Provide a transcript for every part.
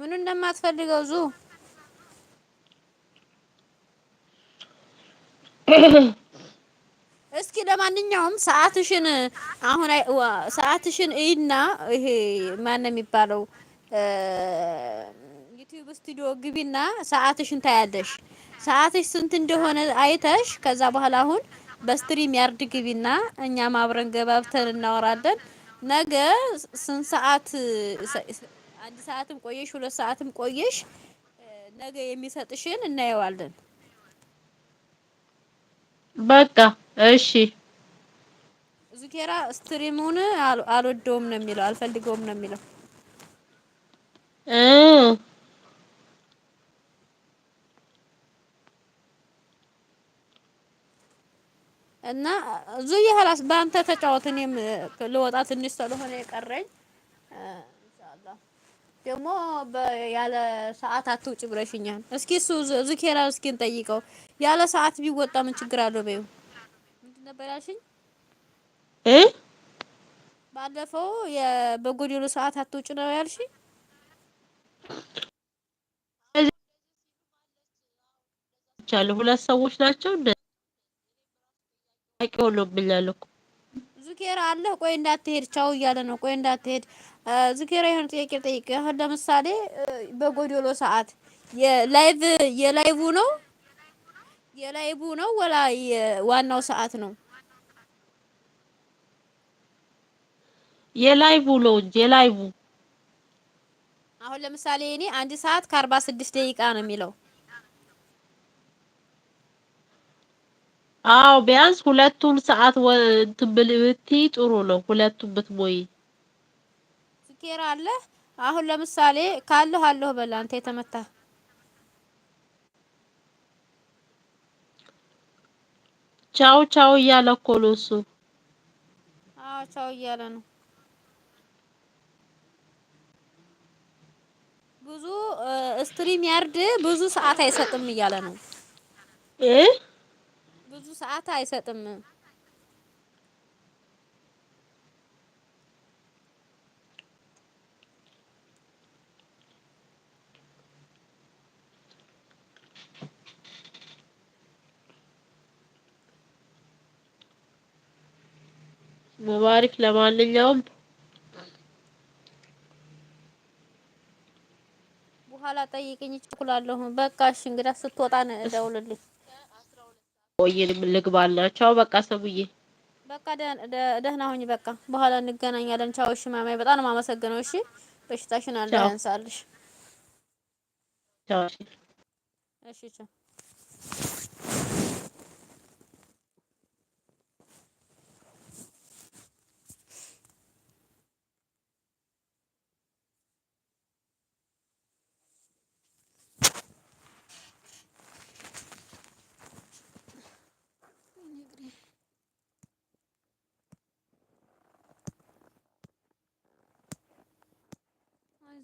ምኑ እንደማትፈልገው ዙ እስኪ ለማንኛውም ሰዓትሽን አሁን ሰዓትሽን እይና፣ ይሄ ማን ነው የሚባለው ዩቲዩብ ስቱዲዮ ግቢና ሰዓትሽን ታያለሽ። ሰዓትሽ ስንት እንደሆነ አይተሽ ከዛ በኋላ አሁን በስትሪም ያርድ ግቢና እኛም አብረን ገባብተን እናወራለን። ነገ ስንት ሰዓት አንድ ሰዓትም ቆየሽ፣ ሁለት ሰዓትም ቆየሽ፣ ነገ የሚሰጥሽን እናየዋለን። በቃ እሺ። ዙኬራ ስትሪሙን አልወደውም ነው የሚለው፣ አልፈልገውም ነው የሚለው። እና ዙዬ ኸላስ በአንተ ተጫወት። እኔም ልወጣ ትንሽ ስለሆነ የቀረኝ ደግሞ ያለ ሰዓት አትውጭ ብለሽኛል። እስኪ እሱ ዙኬራ እስኪ እንጠይቀው። ያለ ሰዓት ቢወጣ ምን ችግር አለው? በይው ምንድን ነበር ያልሽኝ? እ ባለፈው በጎዶሎ ሰዓት አትውጭ ነው ያልሽኝ። ሁለት ሰዎች ናቸው። ደቂቅ ሆኖብኛል እኮ ዝኬራ አለህ ቆይ እንዳትሄድ ቻው እያለ ነው። ቆይ እንዳትሄድ ዝኬራ የሆነ ጥያቄ ጠይቅ። አሁን ለምሳሌ በጎዶሎ ሰዓት የላይቭ የላይቡ ነው የላይቡ ነው ወላ ዋናው ሰዓት ነው? የላይቡ ሎጅ የላይቭ አሁን ለምሳሌ እኔ አንድ ሰዓት ከአርባ ስድስት ደቂቃ ነው የሚለው አዎ ቢያንስ ሁለቱን ሰዓት ትብልብቲ ጥሩ ነው። ሁለቱ ብትቦይ ስኬር አለ። አሁን ለምሳሌ ካለሁ አለሁ በላ አንተ የተመታ ቻው ቻው እያለ እኮ ነው እሱ። አዎ ቻው እያለ ነው። ብዙ ስትሪም ያርድ ብዙ ሰዓት አይሰጥም እያለ ነው እ ብዙ ሰዓት አይሰጥም። ሙባሪክ ለማንኛውም በኋላ ጠይቅኝ፣ እቸኩላለሁ። በቃ እሺ፣ እንግዳ ስትወጣ ነው እደውልልኝ። ቆይ ቻው በቃ ሰብዬ በቃ ደህና ሁኝ። በቃ በኋላ እንገናኛለን። ቻው። እሺ ማማዬ፣ በጣም ማመሰግነው። እሺ በሽታሽን አለ ያንሳልሽ። ቻው። እሺ ቻው።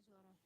üzere.